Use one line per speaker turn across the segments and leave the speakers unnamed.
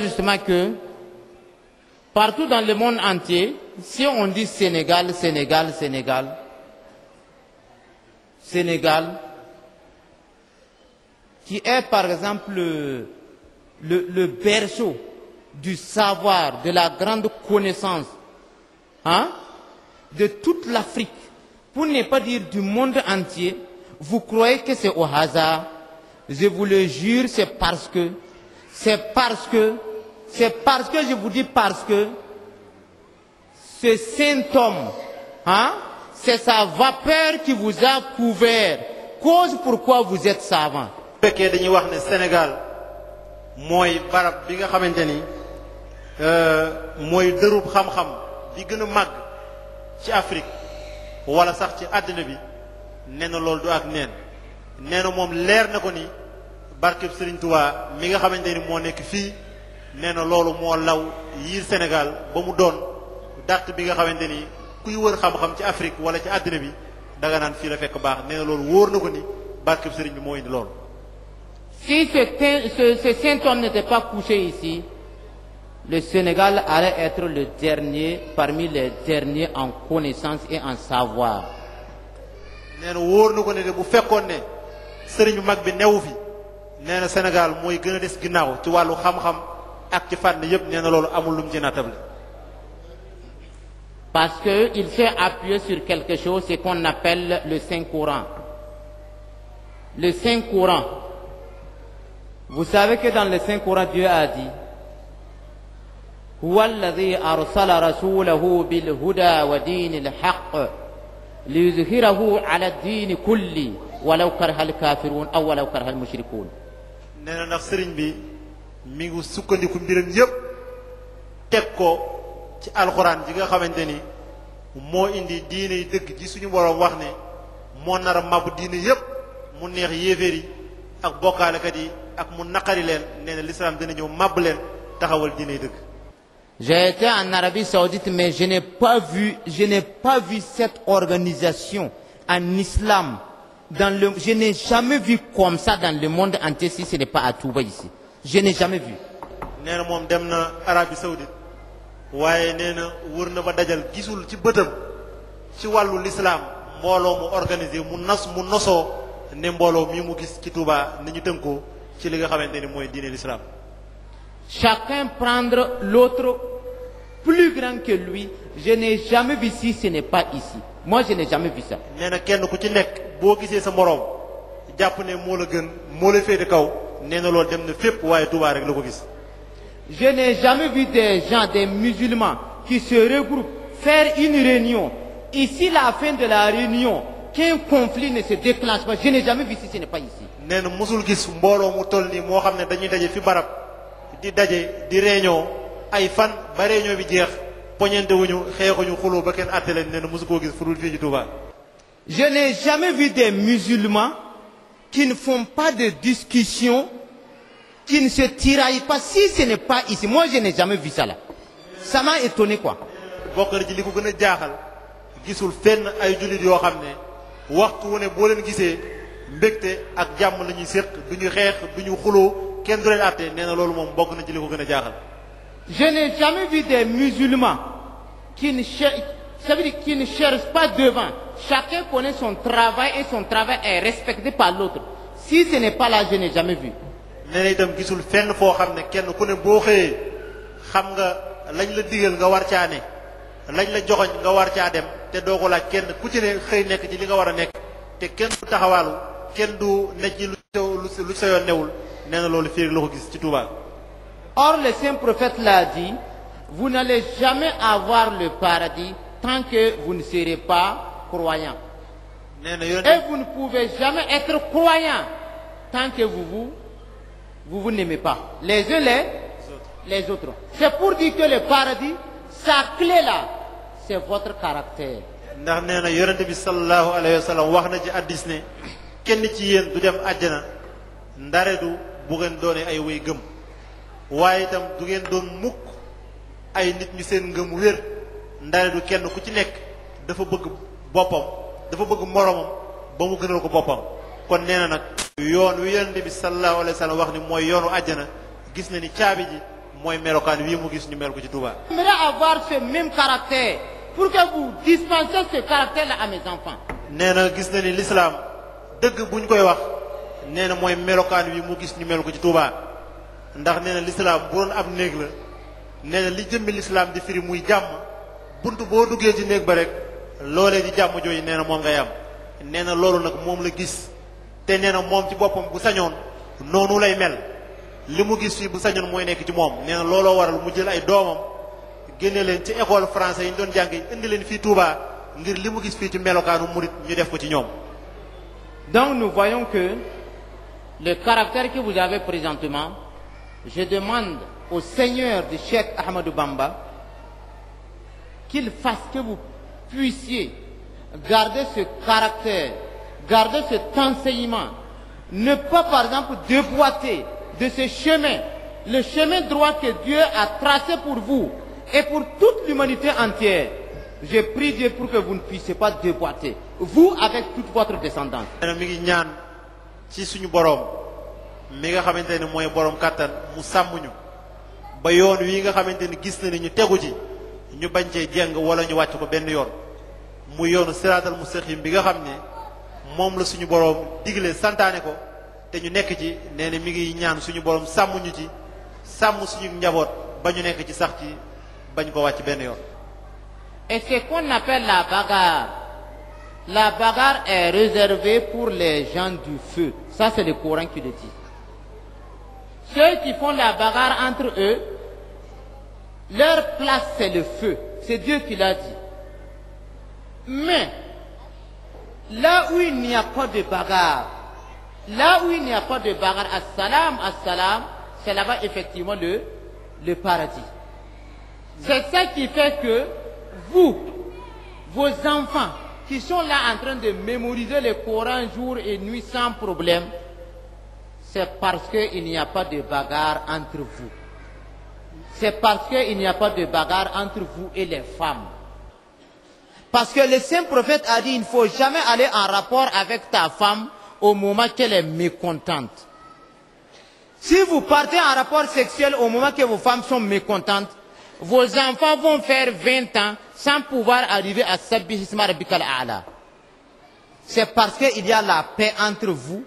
justement que partout dans le monde entier, si on dit Sénégal, Sénégal, Sénégal, Sénégal, qui est par exemple le, le, le berceau du savoir, de la grande connaissance, hein, de toute l'Afrique, pour ne pas dire du monde entier, vous croyez que c'est au hasard. Je vous jure, c'est parce que C'est parce que, c'est parce que, je vous dis parce que, ce symptôme, hein, c'est sa vapeur qui vous a couvert, cause pourquoi
vous êtes savant. bu fekkee dañuy wax ne Sénégal mooy barab bi nga xamante ni euh, mooy dërub xam-xam bi gën a màgg ci Afrique wala sax ci àddina bi nee na loolu ak neen nee na moom leer na ko ni. barkeb Serigne Touba mi nga xamante ni moo nekk fii nee na loolu moo law yiir senegal ba mu doon dàq bi nga xamante ni kuy wër xam-xam ci Afrique wala ci àddina bi danga naan fii la fekk baax nee loolu wóor na ko ni barkeb Serigne bi moo indi loolu.
si ce ce ce saint homme pas couché ici le Sénégal allait être le dernier parmi les derniers en connaissance et en savoir.
nee na wóor na ko ne de bu fekkoon ne Serigne mag bi newu fi. nee na Sénégal mooy gën a des ginnaaw ci wàllu xam-xam ak ci fànn yëpp nee na loolu amul lu mu ci naatable. parce que
il s'est appuyé sur quelque chose ce qu'on le Saint Coran. Le Saint Coran. Vous savez que dans le Saint Coran Dieu a dit هو الذي أرسل رسوله بالهدى ودين الحق ليظهره على الدين كله ولو كره الكافرون أو ولو كره المشركون
nee na ndax sëriñ bi mi ngi sukkandiku mbiram yépp teg ko ci alxuraan ji nga xamante ni moo indi diine yi dëgg ji suñu boroom wax ne moo nar a màbbu diine yépp mu neex yéeféer ak bokkaalekat yi ak mu naqari leen nee na l'islam ñëw màbb leen taxawal diine yi dëgg
J'ai été en Arabie Saoudite, mais je n'ai pas vu, je n'ai pas vu cette organisation en islam. dans le, je n'ai jamais vu comme ça monde entier si ce n'est pas à Touba ici. Je n'ai jamais vu.
nee na moom dem na Arabie Saoudite waaye nee na wër na ba dajal gisul ci bëtam ci wàllu lislaam mbooloo mu organisé mu nas mu nosoo ne mbooloo mi mu gis ci Touba ni ñu tënkoo ci li nga xamante ni mooy diine l'islam.
chacun prendre l'autre plus grand que lui je n'ai jamais vu si ce
n'est pas ici moi je n'ai jamais vu ça. nee na kenn ku ci nekk. boo gisee sa moroom jàpp ne moo la gën moo la féete kaw nee na loolu dem na fépp waaye Touba rek la ko gis.
Je n'ai jamais vu de gens des musulmans qui se regroupent faire une réunion ici la fin de la réunion qu'un conflit ne se déclenche pas je n'ai jamais vu si ce n'est
pas ici. nee na mosul gis mbooloo mu toll nii moo xam ne dañuy daje fi barab di daje di réunion ay fan ba réunion bi jeex poñente wuñu xeexuñu xuloo ba kenn àtte leen nee na mosu koo gis fu dul fii ci Touba. Je n'ai jamais vu des musulmans
qui ne font pas de discussion, qui ne se tiraillent pas, si ce n'est pas
ici. Moi, je n'ai jamais vu la là. Ça m'a étonné quoi. bokk na ci li ko gën a jaaxal gisul fenn ay jullit yoo xam ne waxtu wu ne boo leen gisee mbégte ak jàmm lañuy ñuy séq du xeex du ñu xuloo kenn du leen àtte nee na loolu moom bokk na ci li ko gën a jaaxal. Je n'ai Ça veut dire
qu'ils ne cherchent pas devant. Chacun connaît son travail et son travail est respecté par l'autre.
Si ce n'est pas là, je n'ai jamais vu. nee na itam gisul fenn foo xam ne kenn ku ne boo xëyee xam nga lañ la digal nga war caa ne lañ la joxoñ nga war caa dem te doo ko laaj kenn ku ci ne xëy nekk ci li nga war a nekk te kenn du taxawaalu kenn du ne ci lu lu sa yoon newul nee na loolu fii la ko gis ci Touba. Or le
saint prophète l'a dit, vous n'allez jamais tant que vous ne serez pas croyant. Et vous ne pouvez jamais être croyant tant que vous vous, vous, vous Les uns les, les autres. C'est pour dire que paradis, sa clé là, c'est votre caractère.
ndax nee na yonente bi salallahu alayhi wa sallam wax na ci addis ne kenn ci yéen du dem àjjana ndare du bu ngeen doonee ay way gëm waaye itam du doon mukk ay nit ñu seen ngëm wér ndaare du kenn ku ci nekk dafa bëgg boppam dafa bëgg moroomam ba mu gënal ko boppam kon nee na nag yoon wi yonente bi sallallahu alayhi wa wax ni mooy yoonu àjjana gis na ni caabi ji mooy melokaan wii mu gis ñu ko ci Touba.
même caractère pour na
gis na ni l'islam dëgg bu koy wax nee na mooy melokaan wi mu gis ñu mel ko ci Touba ndax nee na l'islam bu doon ab néeg la nee li jëmmi l'islam di firi muy jàmm. bunt boo duggee ci néeg ba rek loolee di jàmm jooju nee na moom ngay am nee na loolu nag moom la gis te nee na moom ci boppam bu sañoon noonu lay mel li mu gis fii bu sañoon mooy nekk ci moom nee na looloo waral mu jël ay doomam génne leen ci école français yi ñu doon jàng indi leen fii Touba ngir li mu gis fii ci melokaanu murit ñu def ko ci ñoom. Donc nous voyons que
le caractère que vous avez présentement je demande au Seigneur du Cheikh Ahmadou qu'il fasse que vous puissiez garder ce caractère, garder cet enseignement. Ne pas, par exemple, déboîter de ce chemin, le chemin droit que Dieu a tracé pour vous et pour toute l'humanité entière. Je prie Dieu pour
que vous ne puissiez pas déboîter, vous avec toute votre descendance. ci suñu borom mi nga xamante ne mooy borom kattan mu sàmm ñu ba yoon wi nga xamante ne gis na ne ñu tegu ci ñu bañ cee jeng wala ñu wàcc ko benn yoon muy yoonu siraatal mustaqim bi nga xam ne moom la suñu boroom digle santaane ko te ñu nekk ci nee mi ngi ñaan suñu boroom sàmm ñu ci sàmm suñu njaboot ba ñu nekk ci sax ci bañ ko wàcc benn yoon.
Et ce qu'on la bagarre, la bagarre est réservée pour les gens
du feu.
Ça, c'est le Coran qui le dit. Ceux qui la bagarre entre eux. Leur place, c'est le feu. C'est Dieu qui l'a dit. Mais, là où il n'y a pas de bagarre, là où il n'y a pas de bagarre, assalam, assalam, c'est là-bas effectivement le, le paradis. C'est ça qui fait que vous, vos enfants, qui sont là en train de mémoriser le Coran jour et nuit sans problème, c'est parce qu'il n'y a pas de bagarre entre vous. c'est parce qu'il n'y a pas de bagarre entre vous et les femmes. Parce que le saint prophète a dit, il ne faut jamais aller en rapport avec ta femme au moment qu'elle est mécontente. Si vous partez en rapport sexuel au moment que vos femmes sont mécontentes, vos enfants vont faire 20 ans sans pouvoir arriver à Sabbihisma Rabbikal A'la. C'est parce qu'il y a la paix entre vous,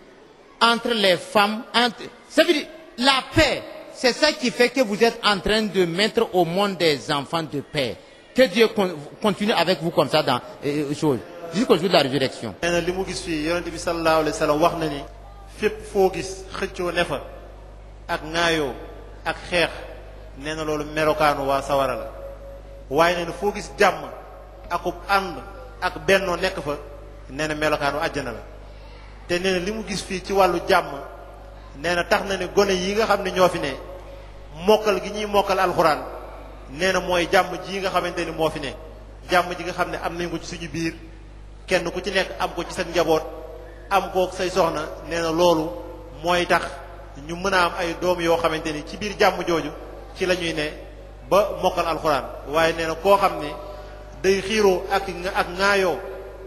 entre les femmes, entre... Ça veut dire, la paix, C'est ça qui fait que vous êtes en train de mettre au monde des enfants de paix. Que Dieu continue avec vous comme ça dans euh, euh chose jusqu'au la résurrection.
nee li mu gis fii yonente bi sallallahu alayhi wa wax na ni fépp foo gis xëccoo ne fa ak ŋaayoo ak xeex nee na loolu melokaanu waa sawara la waaye nee foo gis jàmm akub ànd ak bennoo nekk fa neena na melokaanu àjjana la te nee li mu gis fii ci wàllu jàmm nee na tax na ne gone yi nga xam ne ñoo fi ne mokkal gi ñuy mokkal alxuraan nee na mooy jàmm ji nga xamante ni moo fi ne jàmm ji nga xam ne am nañ ko ci suñu biir kenn ku ci nekk am ko ci sa njaboot am ko say soxna nee na loolu mooy tax ñu mën a am ay doom yoo xamante ni ci biir jàmm jooju ci la ñuy ne ba mokkal alxuraan waaye nee na koo xam ne day xiiroo ak ak ŋaayoo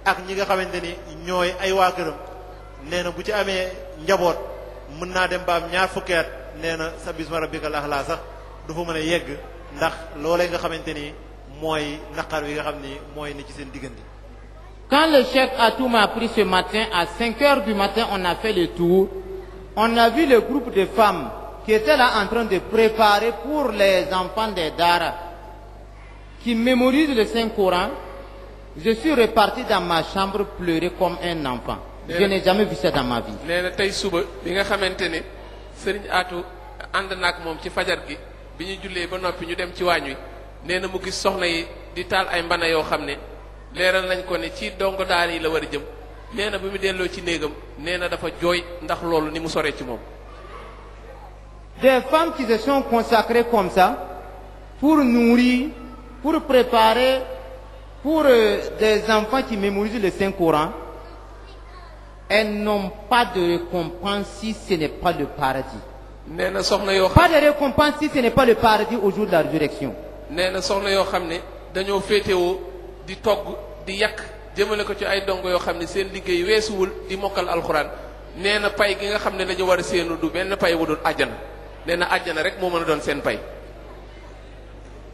ak ñi nga xamante ni ñooy ay waa këram nee bu ci amee njaboot mën naa dem baam ñaar fukki at na sa bisma rabbika laa sax du fa mën a yegg ndax loolee nga xamante ni mooy naqar wi nga xam ni mooy ni ci seen diggante.
Quand le cheikh Atoum a pris ce matin à 5 heures du matin on a fait le tour on a vu le groupe de femmes qui étaient là en train de préparer pour les enfants daara qui mémorisent le Saint-Coran je suis reparti dans ma chambre pleurer comme en enfant je n'ai jamais vu ça dans ma vie.
nee tey suba bi nga xamante ne sëriñ Aatu ànd na moom ci fajar gi bi ñu jullee ba noppi ñu dem ci waañ wi nee na mu gis soxna yi di taal ay mbana yoo xam ne leeral nañ ko ne ci dongo daara yi la war a jëm nee na bi mu delloo ci néegam nee na dafa jooy ndax loolu ni mu soree ci moom.
des femmes qui se sont consacrées pour nourrir pour préparer pour euh, des enfants qui mémorisent le Saint-Coran. elles n'ont pas de récompense si ce n'est na soxna yoo. pas de récompense si ce jour de la résurrection.
nee na soxna yoo xam ne dañoo féetewoo di togg di yàq jëmale ko ci ay dongo yoo xam ne seen liggéey weesuwul di mokkal alxuraan nee na pay gi nga xam ne la war a séenu du benn pay wu dul àjjana nee na àjjana rek moo mën a doon seen pay.